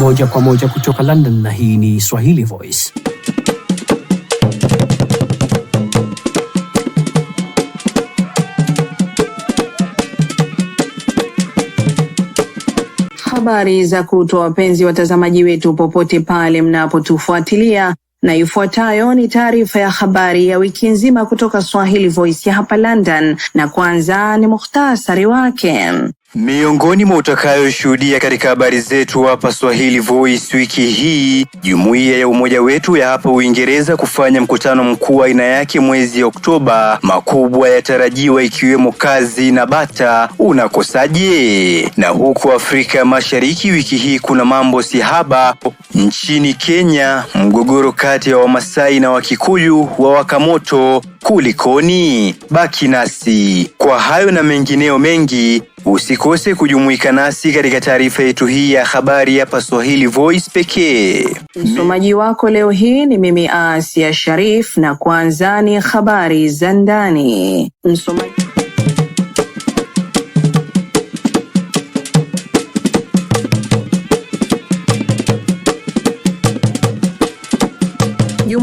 moja kwa moja kutoka London na hii ni Swahili Voice. Habari za kutwa, wapenzi watazamaji wetu popote pale mnapotufuatilia, na ifuatayo ni taarifa ya habari ya wiki nzima kutoka Swahili Voice ya hapa London, na kwanza ni muhtasari wake. Miongoni mwa utakayoshuhudia katika habari zetu hapa Swahili Voice wiki hii, jumuiya ya umoja wetu ya hapa Uingereza kufanya mkutano mkuu wa aina yake mwezi Oktoba. Makubwa yatarajiwa ikiwemo kazi na bata unakosaje. Na huko Afrika ya Mashariki wiki hii kuna mambo si haba. Nchini Kenya, mgogoro kati ya Wamasai na Wakikuyu wa wakamoto kulikoni? Baki nasi kwa hayo na mengineo mengi. Usikose kujumuika nasi katika taarifa yetu hii ya habari hapa Swahili Voice pekee. Msomaji wako leo hii ni mimi Asia Sharif, na kwanza ni habari za ndani. Msomaji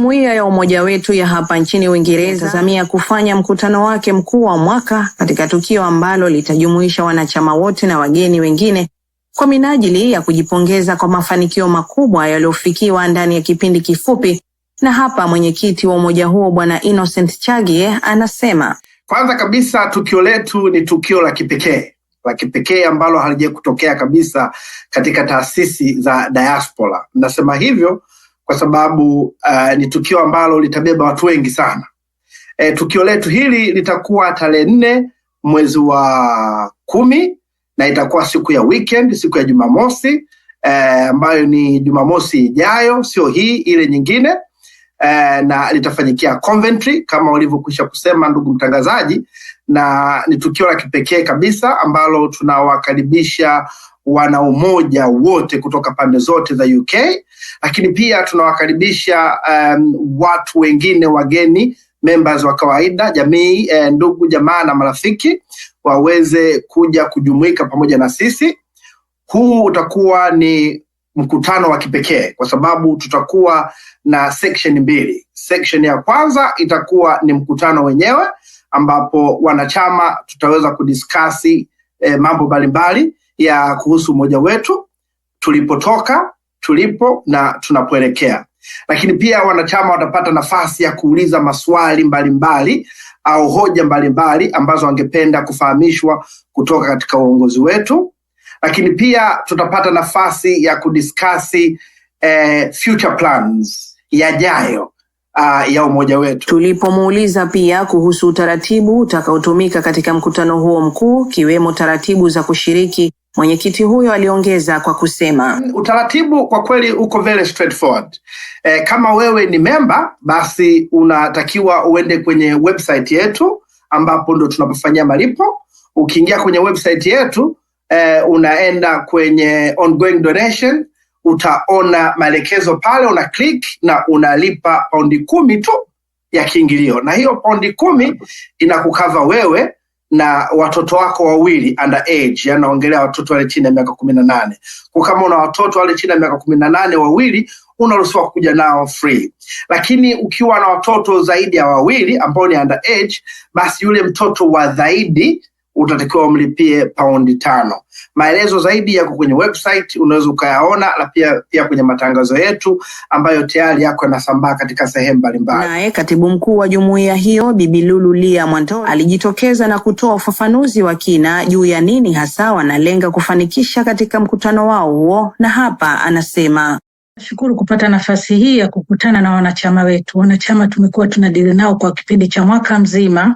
Jumuiya ya Umoja Wetu ya hapa nchini Uingereza zamia kufanya mkutano wake mkuu wa mwaka katika tukio ambalo litajumuisha wanachama wote na wageni wengine kwa minajili ya kujipongeza kwa mafanikio makubwa yaliyofikiwa ndani ya kipindi kifupi. Na hapa mwenyekiti wa umoja huo Bwana Innocent Chagie anasema, kwanza kabisa tukio letu ni tukio la kipekee la kipekee ambalo halijakutokea kutokea kabisa katika taasisi za diaspora. Nasema hivyo kwa sababu uh, ni tukio ambalo litabeba watu wengi sana. E, tukio letu hili litakuwa tarehe nne mwezi wa kumi na itakuwa siku ya weekend, siku ya Jumamosi eh, ambayo e, ni Jumamosi ijayo, sio hii, ile nyingine e, na litafanyikia Coventry kama ulivyokwisha kusema ndugu mtangazaji, na ni tukio la kipekee kabisa ambalo tunawakaribisha wana umoja wote kutoka pande zote za UK, lakini pia tunawakaribisha um, watu wengine wageni, members wa kawaida, jamii eh, ndugu jamaa na marafiki waweze kuja kujumuika pamoja na sisi. Huu utakuwa ni mkutano wa kipekee kwa sababu tutakuwa na section mbili. Section ya kwanza itakuwa ni mkutano wenyewe ambapo wanachama tutaweza kudiskasi eh, mambo mbalimbali ya kuhusu umoja wetu, tulipotoka, tulipo na tunapoelekea. Lakini pia wanachama watapata nafasi ya kuuliza maswali mbalimbali mbali, au hoja mbalimbali mbali, ambazo wangependa kufahamishwa kutoka katika uongozi wetu. Lakini pia tutapata nafasi ya kudiskasi eh, future plans yajayo uh, ya umoja wetu. Tulipomuuliza pia kuhusu utaratibu utakaotumika katika mkutano huo mkuu, kiwemo taratibu za kushiriki, mwenyekiti huyo aliongeza kwa kusema, utaratibu kwa kweli uko very straightforward. E, kama wewe ni memba, basi unatakiwa uende kwenye website yetu ambapo ndo tunapofanyia malipo. Ukiingia kwenye website yetu e, unaenda kwenye ongoing donation utaona maelekezo pale, una click na unalipa paundi kumi tu ya kiingilio, na hiyo paundi kumi inakukava wewe na watoto wako wawili under age, yani naongelea watoto wale chini ya miaka kumi na nane. Kwa kama una watoto wale chini ya miaka kumi na nane wawili, unaruhusiwa kuja nao free, lakini ukiwa na watoto zaidi ya wawili ambao ni under age, basi yule mtoto wa zaidi utatakiwa umlipie paundi tano. Maelezo zaidi yako kwenye website, unaweza ukayaona, na pia pia kwenye matangazo yetu ambayo tayari yako yanasambaa katika sehemu mbalimbali. Naye katibu mkuu wa jumuiya hiyo Bibi Lulu Lia Mwanto alijitokeza na kutoa ufafanuzi wa kina juu ya nini hasa wanalenga kufanikisha katika mkutano wao huo, na hapa anasema Nashukuru kupata nafasi hii ya kukutana na wanachama wetu. Wanachama tumekuwa tunadili nao kwa kipindi cha mwaka mzima,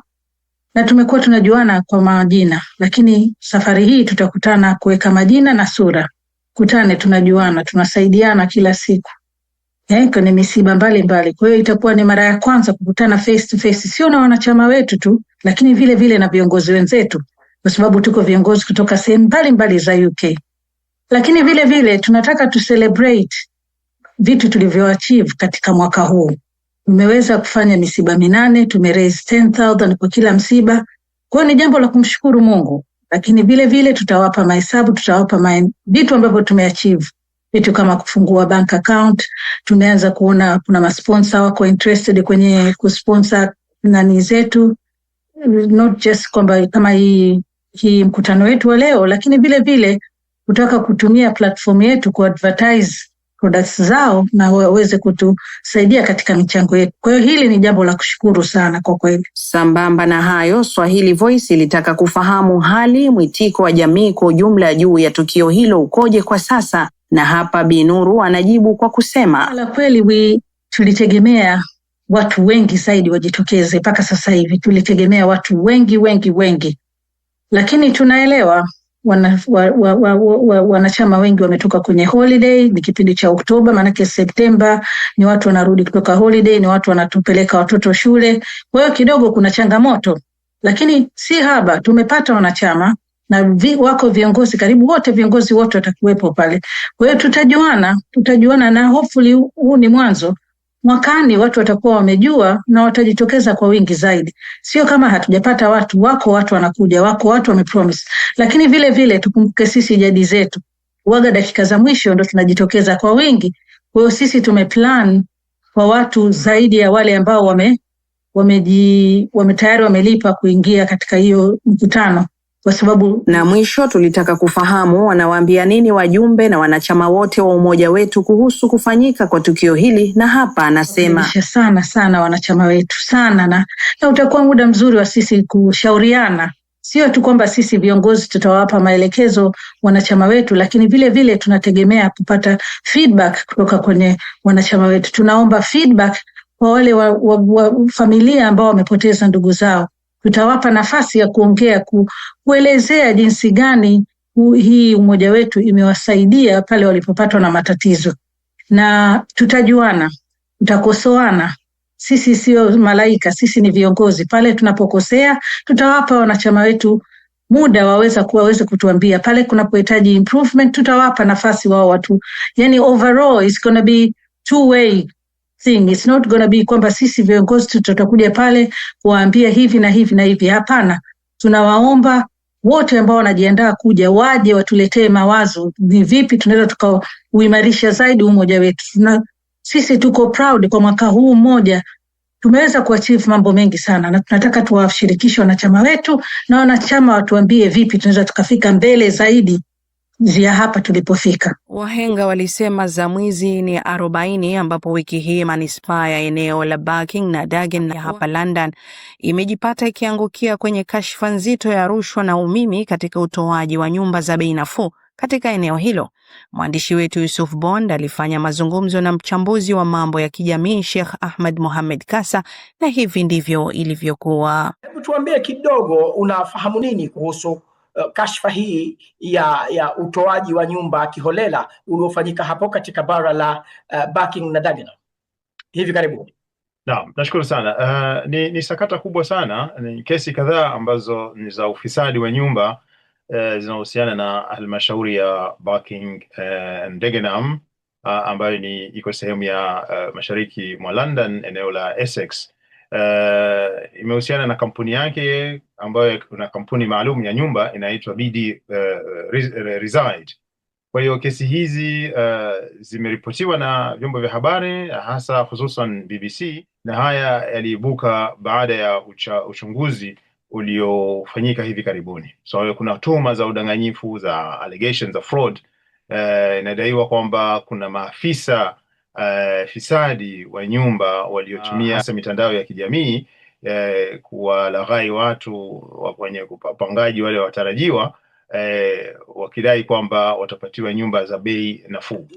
na tumekuwa tunajuana kwa majina, lakini safari hii tutakutana kuweka majina na sura. Kutane, tunajuana, tunasaidiana kila siku eh, kwenye misiba mbalimbali. Kwa hiyo itakuwa ni mara ya kwanza kukutana face to face, sio na wanachama wetu tu, lakini vile vile na viongozi wenzetu, kwa sababu tuko viongozi kutoka sehemu mbalimbali za UK. Lakini vile vile tunataka tu celebrate vitu tulivyoachieve katika mwaka huu tumeweza kufanya misiba minane, tumeraise 10000 kwa kila msiba. Kwa hiyo ni jambo la kumshukuru Mungu, lakini vile vile tutawapa mahesabu, tutawapa vitu ambavyo tumeachieve vitu kama kufungua bank account. Tumeanza kuona kuna masponsa wako interested kwenye kusponsa nani zetu, not just kwamba kama hii hii mkutano wetu wa leo, lakini vile vile kutaka kutumia platform yetu ku advertise products zao na waweze kutusaidia katika michango yetu. Kwa hiyo hili ni jambo la kushukuru sana kwa kweli. Sambamba na hayo, Swahili Voice ilitaka kufahamu hali mwitiko wa jamii kwa ujumla juu ya tukio hilo ukoje kwa sasa, na hapa Binuru anajibu kwa kusema, la kweli wi, tulitegemea watu wengi zaidi wajitokeze. Mpaka sasa hivi tulitegemea watu wengi wengi wengi, lakini tunaelewa wana, wa, wa, wa, wa, wanachama wengi wametoka kwenye holiday. Ni kipindi cha Oktoba, maanake Septemba ni watu wanarudi kutoka holiday, ni watu wanatupeleka watoto shule. Kwa hiyo kidogo kuna changamoto, lakini si haba, tumepata wanachama na vi, wako viongozi karibu wote, viongozi wote watakuwepo pale. Kwa hiyo tutajuana, tutajuana na hopefully huu ni mwanzo mwakani watu watakuwa wamejua na watajitokeza kwa wingi zaidi. Sio kama hatujapata watu, wako watu wanakuja, wako watu wamepromise, lakini vile vile tukumbuke sisi jadi zetu waga dakika za mwisho ndo tunajitokeza kwa wingi. Kwa hiyo sisi tumeplan kwa watu zaidi ya wale ambao wame, wameji, wame tayari wamelipa kuingia katika hiyo mkutano kwa sababu na mwisho, tulitaka kufahamu wanawaambia nini wajumbe na wanachama wote wa umoja wetu kuhusu kufanyika kwa tukio hili, na hapa anasema sana sana wanachama wetu sana, na, na utakuwa muda mzuri wa sisi kushauriana, sio tu kwamba sisi viongozi tutawapa maelekezo wanachama wetu, lakini vile vile tunategemea kupata feedback kutoka kwenye wanachama wetu. Tunaomba feedback kwa wale wa, wa, wa familia ambao wamepoteza ndugu zao tutawapa nafasi ya kuongea ku, kuelezea jinsi gani hii umoja wetu imewasaidia pale walipopatwa na matatizo, na tutajuana, tutakosoana. Sisi sio malaika, sisi ni viongozi. Pale tunapokosea, tutawapa wanachama wetu muda waweza kuwaweze kutuambia. Pale kunapohitaji improvement, tutawapa nafasi wao watu. Yani overall it's gonna be two way thing. It's not gonna be kwamba sisi viongozi tutakuja pale kuwaambia hivi na hivi na hivi. Hapana, tunawaomba wote ambao wanajiandaa kuja waje watuletee mawazo, ni vipi tunaweza tukauimarisha zaidi umoja wetu. Na sisi tuko proud kwa mwaka huu mmoja tumeweza kuachieve mambo mengi sana, na tunataka tuwashirikishe wanachama wetu na wanachama watuambie vipi tunaweza tukafika mbele zaidi vya hapa tulipofika. Wahenga walisema za mwizi ni arobaini, ambapo wiki hii manispaa ya eneo la Barking na Dagen ya hapa London imejipata ikiangukia kwenye kashfa nzito ya rushwa na umimi katika utoaji wa nyumba za bei nafuu katika eneo hilo. Mwandishi wetu Yusuf Bond alifanya mazungumzo na mchambuzi wa mambo ya kijamii Sheikh Ahmed Mohamed Kasa, na hivi ndivyo ilivyokuwa. Hebu tuambie kidogo, unafahamu nini kuhusu Eh, kashfa hii ya ya utoaji wa nyumba kiholela uliofanyika hapo katika bara la uh, Barking na Dagenham hivi karibuni. Naam, nashukuru sana. Uh, ni, ni sakata kubwa sana, ni kesi kadhaa ambazo ni za ufisadi wa nyumba uh, zinahusiana na halmashauri ya Barking and Dagenham uh, ambayo ni iko sehemu ya uh, mashariki mwa London, eneo la Essex uh, imehusiana na kampuni yake ambayo kuna kampuni maalum ya nyumba inaitwa BD uh, eh, Reside. Kwa hiyo kesi hizi uh, zimeripotiwa na vyombo vya habari hasa hususan BBC, na haya yaliibuka baada ya ucha, uchunguzi uliofanyika hivi karibuni. So kuna tuhuma za udanganyifu za allegations of fraud. Uh, inadaiwa kwamba kuna maafisa Eh, fisadi wa nyumba waliotumia ah. hasa mitandao ya kijamii eh, kuwalaghai watu kwenye wapangaji wale watarajiwa eh, wakidai kwamba watapatiwa nyumba za bei nafuu.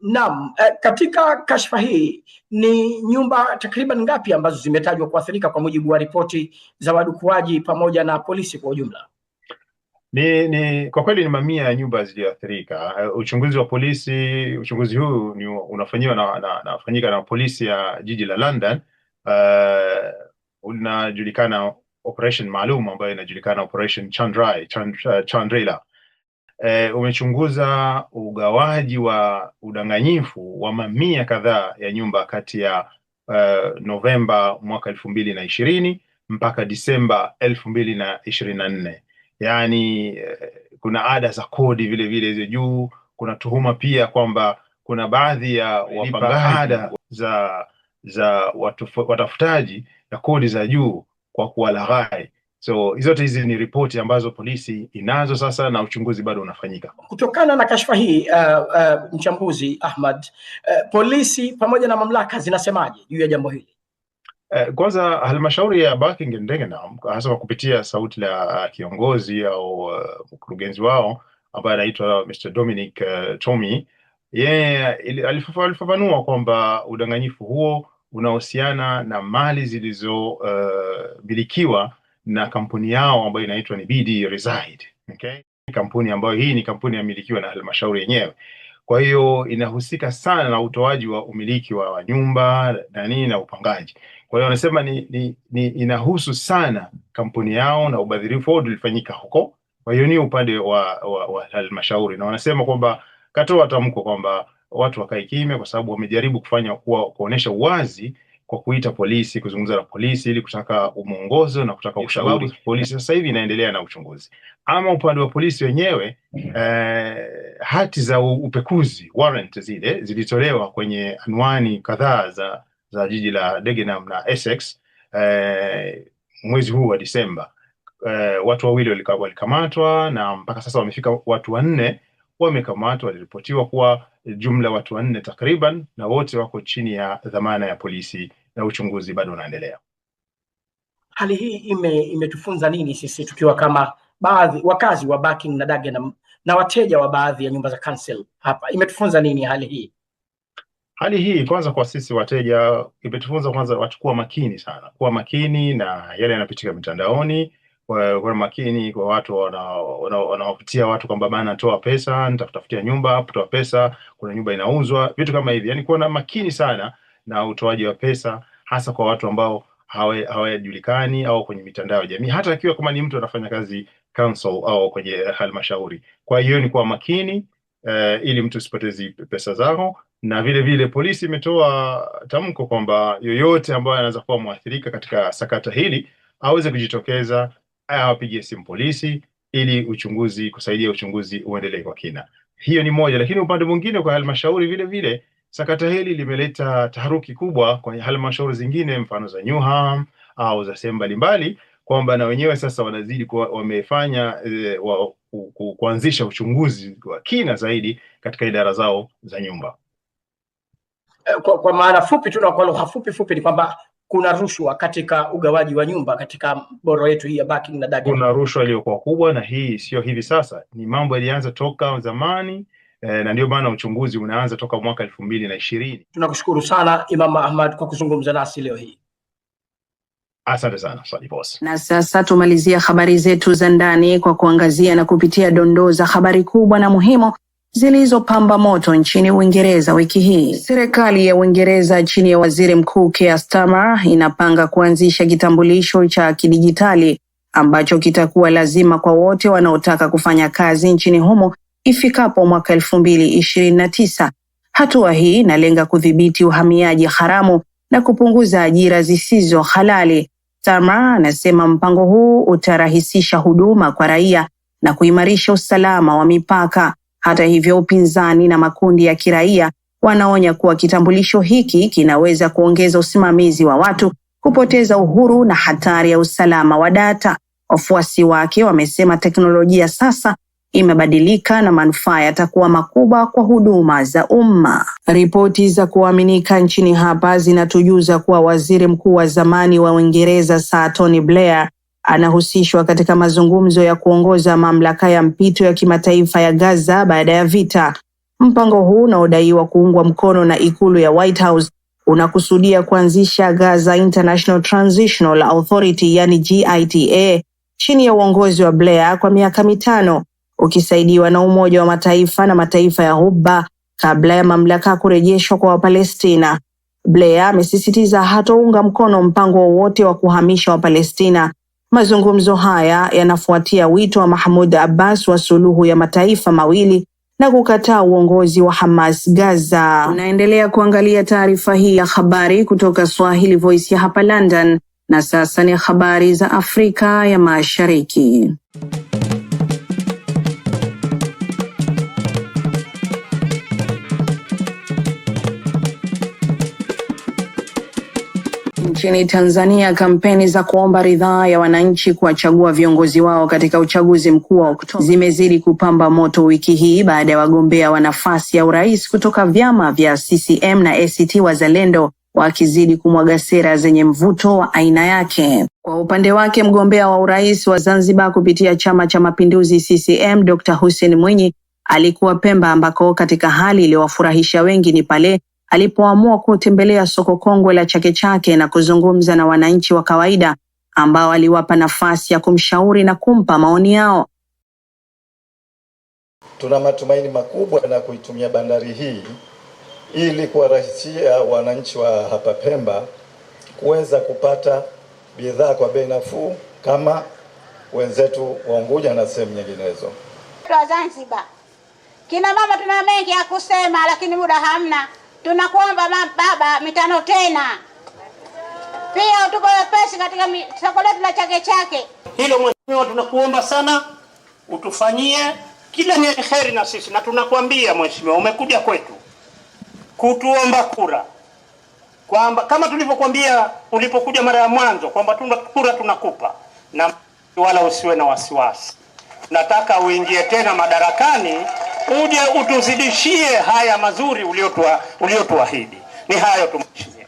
Naam, eh, katika kashfa hii ni nyumba takriban ngapi ambazo zimetajwa kuathirika kwa mujibu wa ripoti za wadukuaji pamoja na polisi kwa ujumla? Ni, ni kwa kweli ni mamia ya nyumba ziliathirika. Eh, uchunguzi wa polisi, uchunguzi huu ni unafanyiwa na, na, nafanyika na polisi ya jiji la London uh, unajulikana operation maalum ambayo inajulikana operation Chandrai, eh, Chandrila uh, umechunguza ugawaji wa udanganyifu wa mamia kadhaa ya nyumba kati ya uh, Novemba mwaka elfu mbili na ishirini mpaka Disemba elfu mbili na ishirini na nne yani eh, kuna ada za kodi vile vile hizo juu. Kuna tuhuma pia kwamba kuna baadhi ya wapanga ada za za watafutaji na kodi za juu kwa kuwalaghai. So zote hizi ni ripoti ambazo polisi inazo sasa na uchunguzi bado unafanyika. Kutokana na kashfa hii uh, uh, mchambuzi Ahmad, uh, polisi pamoja na mamlaka zinasemaje juu ya jambo hili? Eh, kwanza halmashauri ya Buckingham Dagenham hasa kwa kupitia sauti la eh, kiongozi au eh, mkurugenzi wao ambaye anaitwa Mr Dominic uh, Tommy yeye yeah, alifafanua kwamba udanganyifu huo unahusiana na mali zilizomilikiwa uh, na kampuni yao ambayo inaitwa ni BD Reside, okay? Kampuni ambayo hii ni kampuni yamilikiwa na halmashauri yenyewe. Kwa hiyo inahusika sana na utoaji wa umiliki wa, wa nyumba na nini na upangaji. Kwa hiyo wanasema ni, ni, ni inahusu sana kampuni yao na ubadhirifu wao ulifanyika huko. Kwa hiyo ni upande wa, wa, wa halmashauri, na wanasema kwamba katoa tamko kwamba watu wakae kimya, kwa sababu wamejaribu kufanya kuwa kuonesha uwazi kwa kuita polisi kuzungumza na polisi ili kutaka mwongozo na kutaka ushauri. Polisi sasa hivi inaendelea na uchunguzi. Ama upande wa polisi wenyewe mm-hmm. eh, hati za upekuzi warrant zile zilitolewa kwenye anwani kadhaa za, za jiji la Dagenham na Essex eh, mwezi huu wa Disemba eh, watu wawili walikamatwa na mpaka sasa wamefika watu wanne wamekamatwa waliripotiwa kuwa jumla watu wanne takriban, na wote wako chini ya dhamana ya polisi na uchunguzi bado unaendelea. Hali hii ime, imetufunza nini sisi tukiwa kama baadhi wakazi wa Barking na Dagenham na wateja wa baadhi ya nyumba za council hapa, imetufunza nini hali hii? Hali hii kwanza, kwa sisi wateja imetufunza kwanza, watu kuwa makini sana, kuwa makini na yale yanapitika mitandaoni kwa makini kwa watu wanaopitia watu kwamba bana, toa pesa nitakutafutia nyumba, toa pesa, kuna nyumba inauzwa, vitu kama hivi, yani kuwa na makini sana na utoaji wa pesa hasa kwa watu ambao hawajulikani au kwenye mitandao ya jamii, hata akiwa kama ni mtu anafanya kazi council au kwenye halmashauri. Kwa hiyo ni kuwa makini eh, ili mtu usipotezi pesa zao, na vile vile polisi imetoa tamko kwamba yoyote ambaye anaweza kuwa mwathirika katika sakata hili aweze kujitokeza, eh, awapigie simu polisi ili uchunguzi kusaidia uchunguzi uendelee kwa kina. Hiyo ni moja, lakini upande mwingine kwa halmashauri vile vile Sakata hili limeleta taharuki kubwa kwa halmashauri zingine, mfano za Nyuham au za sehemu mbalimbali, kwamba na wenyewe sasa wanazidi kwa, wamefanya e, wa, kuanzisha uchunguzi wa kina zaidi katika idara zao za nyumba. Eh, kwa, kwa maana fupi tu na kwa lugha fupi fupi ni kwamba kuna rushwa katika ugawaji wa nyumba katika boro yetu hii ya Baking na Dagenham. Kuna rushwa iliyokuwa kubwa, na hii sio hivi sasa, ni mambo yalianza toka zamani eh, na ndio maana uchunguzi unaanza toka mwaka elfu mbili na ishirini. Tunakushukuru sana Imam Ahmad kwa kuzungumza nasi leo hii. Asante sana Swali Boss. Na sasa tumalizia habari zetu za ndani kwa kuangazia na kupitia dondoo za habari kubwa na muhimu zilizopamba moto nchini Uingereza wiki hii. Serikali ya Uingereza chini ya waziri mkuu Keir Starmer inapanga kuanzisha kitambulisho cha kidijitali ambacho kitakuwa lazima kwa wote wanaotaka kufanya kazi nchini humo ifikapo mwaka elfu mbili ishirini na tisa. Hatua hii inalenga kudhibiti uhamiaji haramu na kupunguza ajira zisizo halali. Tharma anasema mpango huu utarahisisha huduma kwa raia na kuimarisha usalama wa mipaka. Hata hivyo, upinzani na makundi ya kiraia wanaonya kuwa kitambulisho hiki kinaweza kuongeza usimamizi wa watu, kupoteza uhuru na hatari ya usalama wa data. Wafuasi wake wamesema teknolojia sasa imebadilika na manufaa yatakuwa makubwa kwa huduma za umma. Ripoti za kuaminika nchini hapa zinatujuza kuwa waziri mkuu wa zamani wa Uingereza Sir Tony Blair anahusishwa katika mazungumzo ya kuongoza mamlaka ya mpito ya kimataifa ya Gaza baada ya vita. Mpango huu unaodaiwa kuungwa mkono na ikulu ya White House unakusudia kuanzisha Gaza International Transitional Authority yani GITA chini ya uongozi wa Blair kwa miaka mitano ukisaidiwa na Umoja wa Mataifa na mataifa ya Ghuba kabla ya mamlaka kurejeshwa kwa Wapalestina. Blair amesisitiza hatounga mkono mpango wowote wa, wa kuhamisha Wapalestina. Mazungumzo haya yanafuatia wito wa Mahmud Abbas wa suluhu ya mataifa mawili na kukataa uongozi wa Hamas Gaza. Unaendelea kuangalia taarifa hii ya habari kutoka Swahili Voice ya hapa London, na sasa ni habari za Afrika ya Mashariki. Nchini Tanzania kampeni za kuomba ridhaa ya wananchi kuwachagua viongozi wao katika uchaguzi mkuu wa Oktoba zimezidi kupamba moto wiki hii baada ya wagombea wa nafasi ya urais kutoka vyama vya CCM na ACT Wazalendo wakizidi kumwaga sera zenye mvuto wa aina yake. Kwa upande wake, mgombea wa urais wa Zanzibar kupitia Chama cha Mapinduzi CCM Dr. Hussein Mwinyi alikuwa Pemba ambako katika hali iliyowafurahisha wengi ni pale alipoamua kutembelea soko kongwe la Chake Chake na kuzungumza na wananchi wa kawaida ambao aliwapa nafasi ya kumshauri na kumpa maoni yao. Tuna matumaini makubwa na kuitumia bandari hii ili kuwarahisishia wananchi wa hapa Pemba kuweza kupata bidhaa kwa bei nafuu kama wenzetu wa Unguja na sehemu nyinginezo. Zanzibar, kina mama tuna mengi ya kusema, lakini muda hamna. Tunakuomba baba mitano tena, pia utupe wepesi katika soko letu la Chake Chake. Hilo mheshimiwa, tunakuomba sana utufanyie kila ni heri na sisi, na tunakuambia mheshimiwa, umekuja kwetu kutuomba kura kwamba kama tulivyokuambia ulipokuja mara ya mwanzo kwamba tuna kura tunakupa, na wala usiwe na wasiwasi. Nataka uingie tena madarakani uje utuzidishie haya mazuri uliotuahidi. Ni hayo tu Mheshimiwa.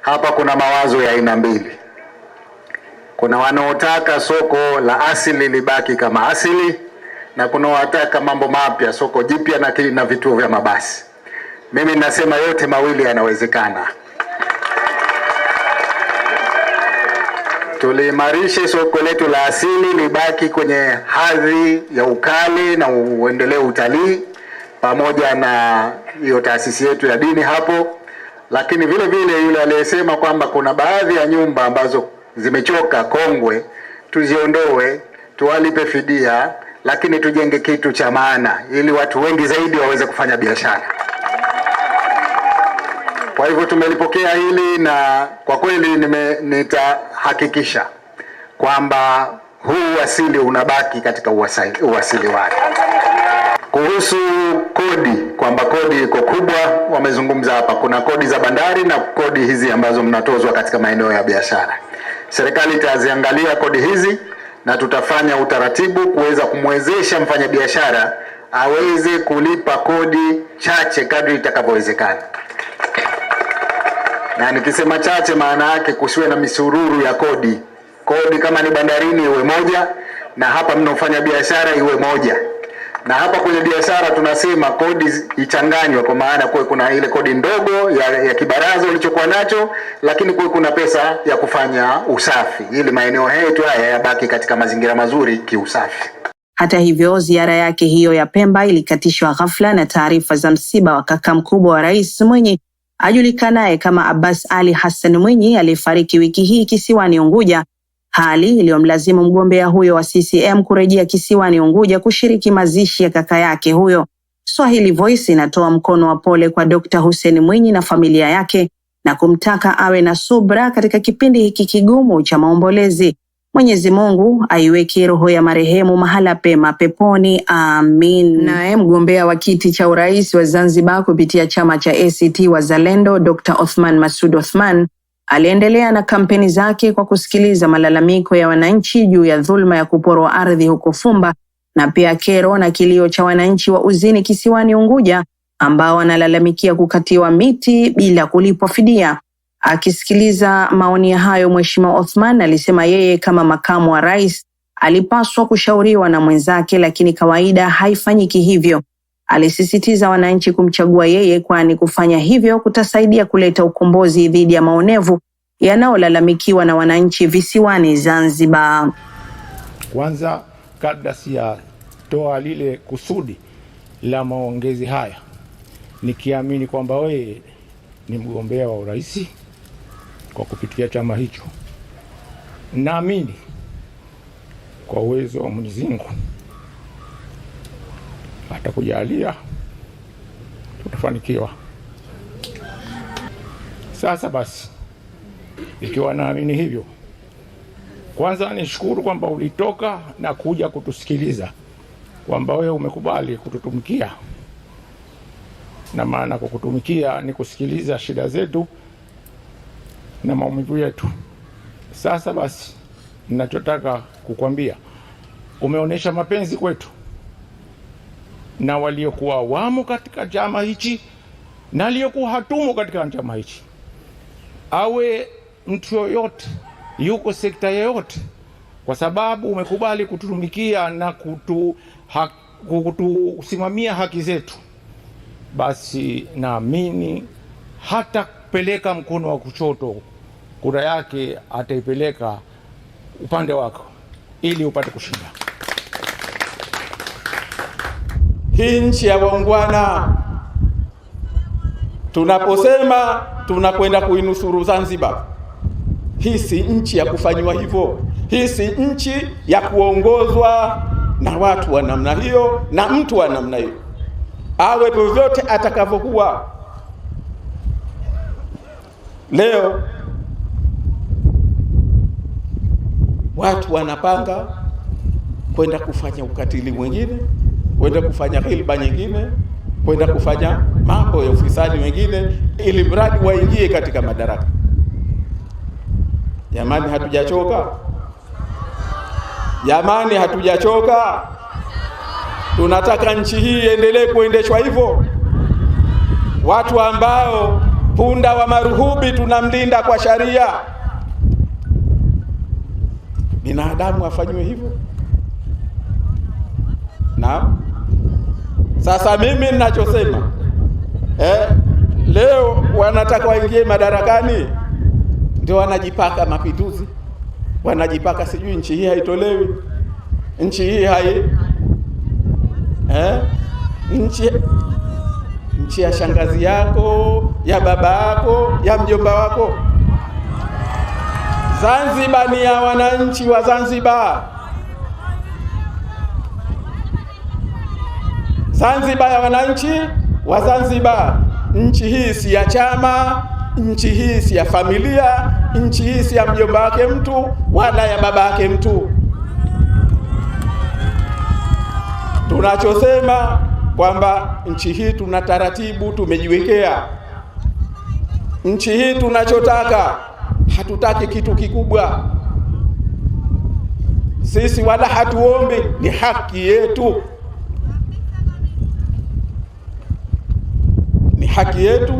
Hapa kuna mawazo ya aina mbili. Kuna wanaotaka soko la asili libaki kama asili na kunaowataka mambo mapya, soko jipya na, na vituo vya mabasi. Mimi ninasema yote mawili yanawezekana. Tuliimarishe soko letu la asili libaki kwenye hadhi ya ukale na uendelee utalii pamoja na hiyo taasisi yetu ya dini hapo, lakini vile vile yule aliyesema kwamba kuna baadhi ya nyumba ambazo zimechoka kongwe, tuziondoe tuwalipe fidia lakini tujenge kitu cha maana ili watu wengi zaidi waweze kufanya biashara. Kwa hivyo tumelipokea hili na kwa kweli nime, nitahakikisha kwamba huu uasili unabaki katika uwasili uasili wake. Kuhusu kodi kwamba kodi iko kubwa, wamezungumza hapa, kuna kodi za bandari na kodi hizi ambazo mnatozwa katika maeneo ya biashara. Serikali itaziangalia kodi hizi na tutafanya utaratibu kuweza kumwezesha mfanyabiashara aweze kulipa kodi chache kadri itakavyowezekana. Na nikisema chache, maana yake kusiwe na misururu ya kodi. Kodi kama ni bandarini iwe moja, na hapa mnaofanya biashara iwe moja na hapa kwenye biashara tunasema kodi ichanganywe, kwa maana kuwe kuna ile kodi ndogo ya, ya kibaraza ulichokuwa nacho, lakini kuwe kuna pesa ya kufanya usafi ili maeneo yetu haya yabaki katika mazingira mazuri kiusafi. Hata hivyo, ziara yake hiyo ya Pemba ilikatishwa ghafla na taarifa za msiba wa kaka mkubwa wa rais Mwinyi ajulikanaye kama Abbas Ali Hassan Mwinyi aliyefariki wiki hii kisiwani Unguja hali iliyomlazimu mgombea huyo wa CCM kurejea kisiwani Unguja kushiriki mazishi ya kaka yake huyo. Swahili Voice inatoa mkono wa pole kwa Dkt. Hussein Mwinyi na familia yake na kumtaka awe na subra katika kipindi hiki kigumu cha maombolezi. Mwenyezi Mungu aiweke roho ya marehemu mahala pema peponi, amin. Naye mgombea wa kiti cha urais wa Zanzibar kupitia chama cha ACT Wazalendo Dr. Othman Masud Othman Aliendelea na kampeni zake kwa kusikiliza malalamiko ya wananchi juu ya dhulma ya kuporwa ardhi huko Fumba na pia kero na kilio cha wananchi wa Uzini kisiwani Unguja ambao wanalalamikia kukatiwa miti bila kulipwa fidia. Akisikiliza maoni hayo, Mheshimiwa Othman alisema yeye kama makamu wa rais alipaswa kushauriwa na mwenzake, lakini kawaida haifanyiki hivyo. Alisisitiza wananchi kumchagua yeye, kwani kufanya hivyo kutasaidia kuleta ukombozi dhidi ya maonevu yanayolalamikiwa na wananchi visiwani Zanzibar. Kwanza, kabla sijatoa lile kusudi la maongezi haya, nikiamini kwamba wewe ni mgombea wa urais kwa kupitia chama hicho, naamini kwa uwezo wa Mwenyezi Mungu atakujalia tutafanikiwa. Sasa basi, ikiwa naamini hivyo, kwanza nishukuru kwamba ulitoka na kuja kutusikiliza, kwamba wewe umekubali kututumikia, na maana kukutumikia ni kusikiliza shida zetu na maumivu yetu. Sasa basi, ninachotaka kukwambia, umeonyesha mapenzi kwetu na waliokuwa wamo katika chama hichi na aliyokuwa hatumo katika chama hichi, awe mtu yoyote, yuko sekta yoyote, kwa sababu umekubali kututumikia na kutu, ha, kutusimamia haki zetu, basi naamini hata kupeleka mkono wa kuchoto kura yake ataipeleka upande wako ili upate kushinda. Hii nchi ya waungwana, tunaposema tunakwenda kuinusuru Zanzibar, hii si nchi ya kufanywa hivyo. Hii si nchi ya kuongozwa na watu wa namna hiyo na mtu wa namna hiyo, awe vyovyote atakavyokuwa. Leo watu wanapanga kwenda kufanya ukatili mwingine kwenda kufanya hilba nyingine, kwenda kufanya mambo ya ufisadi mengine ili mradi waingie katika madaraka. Jamani, hatujachoka jamani, hatujachoka. Tunataka nchi hii iendelee kuendeshwa hivyo. Watu ambao punda wa maruhubi tunamlinda kwa sharia, binadamu afanywe hivyo? Naam. Sasa mimi ninachosema eh, leo wanataka waingie madarakani, ndio wanajipaka mapinduzi, wanajipaka sijui nchi hii haitolewi, nchi hii hai eh, nchi nchi ya shangazi yako ya baba yako ya mjomba wako. Zanzibar ni ya wananchi wa Zanzibar. Zanzibar ya wananchi wa Zanzibar. Nchi hii si ya chama, nchi hii si ya familia, nchi hii si ya mjomba wake mtu wala ya baba yake mtu. Tunachosema kwamba nchi hii tuna taratibu tumejiwekea. Nchi hii tunachotaka, hatutaki kitu kikubwa sisi, wala hatuombi, ni haki yetu. haki yetu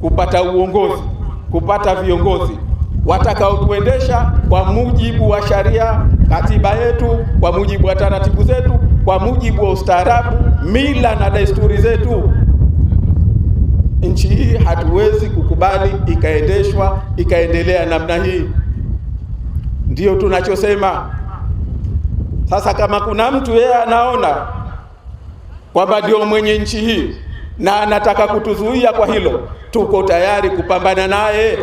kupata uongozi, kupata viongozi watakaotuendesha kwa mujibu wa sharia, katiba yetu, kwa mujibu wa taratibu zetu, kwa mujibu wa ustaarabu, mila na desturi zetu. Nchi hii hatuwezi kukubali ikaendeshwa ikaendelea namna hii, ndiyo tunachosema. Sasa kama kuna mtu yeye anaona kwamba ndio mwenye nchi hii na anataka kutuzuia kwa hilo, tuko tayari kupambana naye.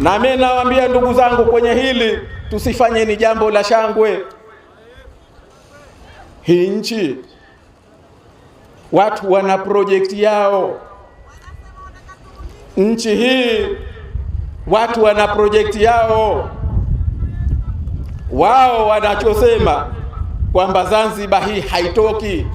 Na mimi nawaambia ndugu zangu, kwenye hili tusifanye ni jambo la shangwe. Hii nchi watu wana project yao, nchi hii watu wana project yao, wao wanachosema kwamba Zanzibar hii haitoki,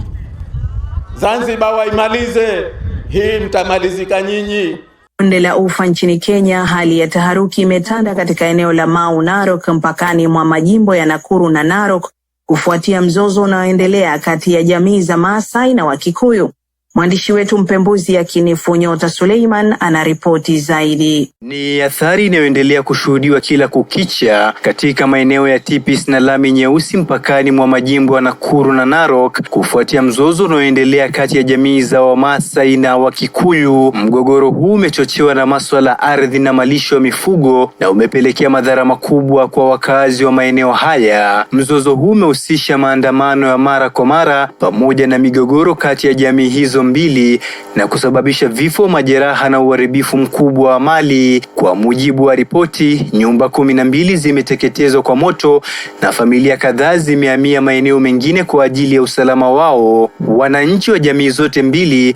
Zanzibar waimalize hii, mtamalizika nyinyi. Bonde la Ufa nchini Kenya, hali ya taharuki imetanda katika eneo la Mau Narok, mpakani mwa majimbo ya Nakuru na Narok, kufuatia mzozo unaoendelea kati ya jamii za Maasai na Wakikuyu. Mwandishi wetu mpembuzi Yakinifu Nyota Suleiman anaripoti zaidi. Ni athari inayoendelea kushuhudiwa kila kukicha katika maeneo ya Tipis na Lami Nyeusi mpakani mwa majimbo ya Nakuru na Narok kufuatia mzozo unaoendelea kati ya jamii za Wamasai na Wakikuyu. Mgogoro huu umechochewa na maswala ya ardhi na malisho ya mifugo na umepelekea madhara makubwa kwa wakazi wa maeneo haya. Mzozo huu umehusisha maandamano ya mara kwa mara pamoja na migogoro kati ya jamii hizo mbili na kusababisha vifo, majeraha na uharibifu mkubwa wa mali. Kwa mujibu wa ripoti, nyumba kumi na mbili zimeteketezwa kwa moto na familia kadhaa zimehamia maeneo mengine kwa ajili ya usalama wao. Wananchi wa jamii zote mbili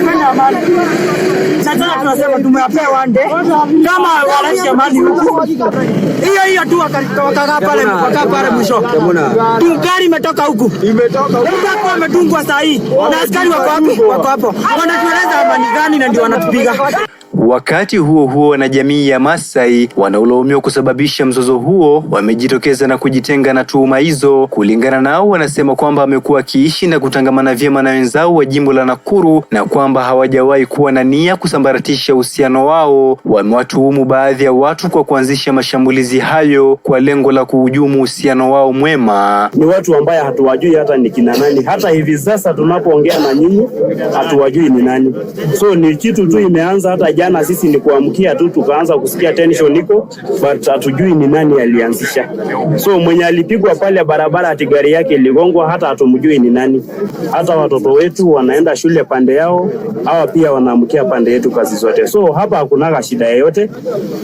tunafanya amani na tunasema tumewapewa nde kama wanaishi amani huku, hiyo hiyo tu wakakaa pale, wakakaa pale mwisho tu. Gari imetoka huku, imetoka wametungwa saa hii na askari wako hapo, wako hapo, wanatueleza amani gani? Na ndio wanatupiga Wakati huo huo, wanajamii ya Masai wanaolaumiwa kusababisha mzozo huo wamejitokeza na kujitenga na tuhuma hizo. Kulingana nao, wanasema kwamba wamekuwa wakiishi na kutangamana vyema na wenzao wa jimbo la Nakuru na kwamba hawajawahi kuwa na nia kusambaratisha uhusiano wao. Wamewatuhumu baadhi ya watu kwa kuanzisha mashambulizi hayo kwa lengo la kuhujumu uhusiano wao mwema. Ni watu ambaye hatuwajui hata ni kina nani, hata hivi sasa tunapoongea na nyinyi hatuwajui ni nani, so ni kitu tu imeanza hata jana sisi ni kuamkia tu tukaanza kusikia tension iko, but hatujui ni nani alianzisha. So mwenye alipigwa pale barabara ati gari yake iligongwa, hata hatumjui ni nani. Hata watoto wetu wanaenda shule pande yao, hawa pia wanaamkia pande yetu kazi zote. So hapa hakuna shida yoyote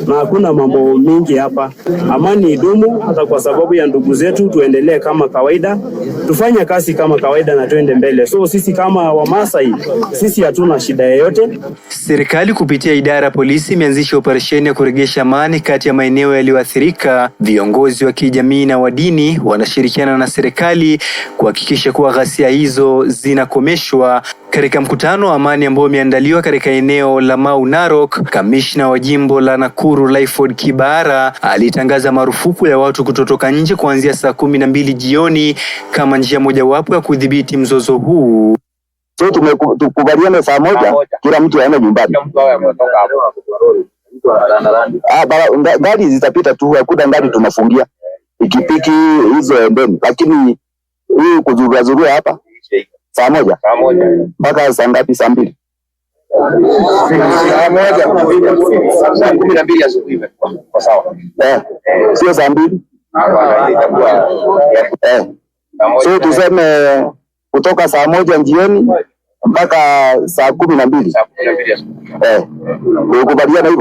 na hakuna mambo mingi hapa, amani idumu hata kwa sababu ya ndugu zetu. Tuendelee kama kawaida, tufanye kazi kama kawaida na tuende mbele. So sisi kama Wamasai sisi hatuna shida yoyote. Serikali kupitia ya idara ya polisi imeanzisha operesheni ya kurejesha amani kati ya maeneo yaliyoathirika. Viongozi wa kijamii na wa dini wanashirikiana na serikali kuhakikisha kuwa ghasia hizo zinakomeshwa. Katika mkutano wa amani ambao umeandaliwa katika eneo la Mau Narok, kamishna wa jimbo la Nakuru Lyford Kibara alitangaza marufuku ya watu kutotoka nje kuanzia saa kumi na mbili jioni kama njia mojawapo ya kudhibiti mzozo huu. So tumekubaliana saa moja, kila mtu aende nyumbani. Ah, gari zitapita tu, hakuna gari tunafungia. Pikipiki hizo endeni, lakini hii kuzurura hapa saa moja mpaka saa ngapi? Saa mbili eh, sio saa mbili. Eh, eh. So tuseme kutoka saa moja jioni mpaka saa kumi na mbili. Ukubaliana eh,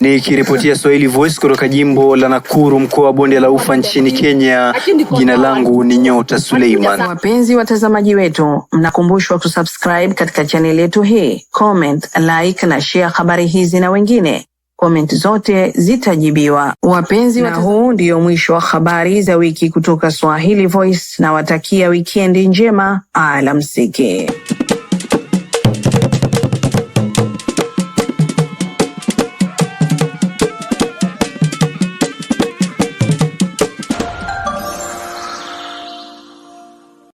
hivyo. kiripotia Swahili Voice kutoka jimbo la Nakuru, mkoa wa Bonde la Ufa nchini Kenya. Jina langu ni Nyota Suleiman. Wapenzi watazamaji wetu, mnakumbushwa kusubscribe katika chaneli yetu hii, comment, like na share habari hizi na wengine komenti zote zitajibiwa. Wapenzi wa huu ndio mwisho wa habari za wiki kutoka Swahili Voice, na watakia wikendi njema, alamsiki.